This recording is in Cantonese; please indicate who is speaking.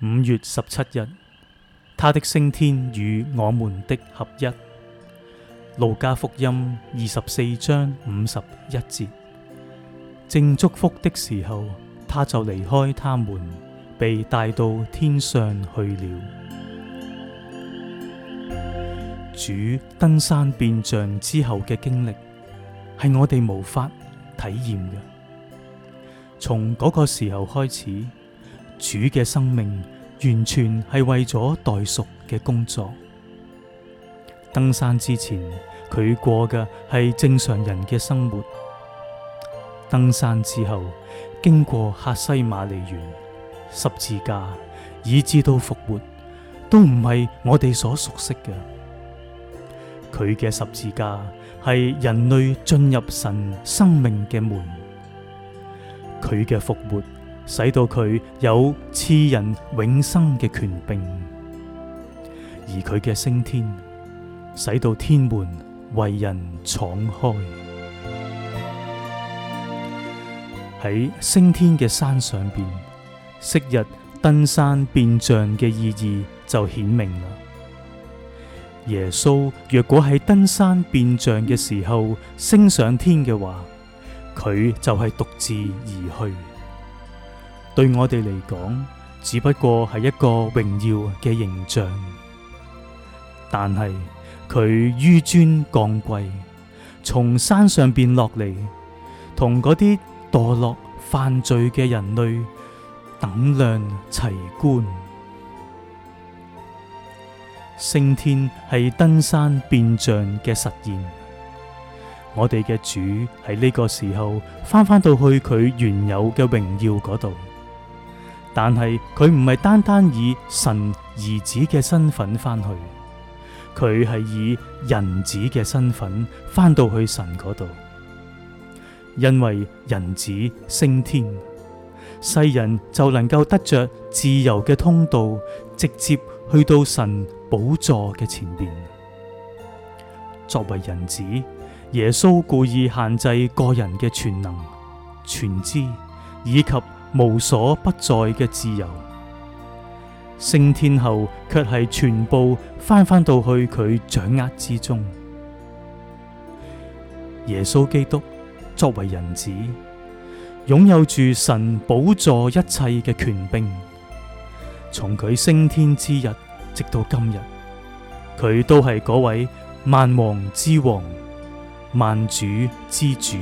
Speaker 1: 五月十七日，他的升天與我們的合一。路加福音二十四章五十一節，正祝福的時候，他就離開他們，被帶到天上去了。主登山變像之後嘅經歷，係我哋無法體驗嘅。從嗰個時候開始，主嘅生命。完全係為咗代贖嘅工作。登山之前，佢過嘅係正常人嘅生活。登山之後，經過客西馬利園、十字架，以至到復活，都唔係我哋所熟悉嘅。佢嘅十字架係人類進入神生命嘅門，佢嘅復活，使到佢有賜人永生嘅權柄，而佢嘅升天，使到天門為人敞開。喺升天嘅山上邊，昔日登山變像嘅意義就顯明啦。耶穌若果喺登山變像嘅時候升上天嘅話，佢就係獨自而去。對我哋嚟講，只不過係一個榮耀嘅形象，但係佢紆尊降貴，從山上邊落嚟，同嗰啲墮落犯罪嘅人類等量齊觀。升天係登山變象嘅實現，我哋嘅主喺呢個時候翻翻到去佢原有嘅榮耀嗰度。但係佢唔係單單以神兒子嘅身份翻去，佢係以人子嘅身份翻到去神嗰度。因為人子升天，世人就能夠得着自由嘅通道，直接去到神寶座嘅前邊。作為人子，耶穌故意限制個人嘅全能、全知，以及無所不在嘅自由，升天後卻係全部返返到去佢掌握之中。耶穌基督作為人子，擁有住神補助一切嘅權柄，從佢升天之日直到今日，佢都係嗰位萬王之王、萬主之主。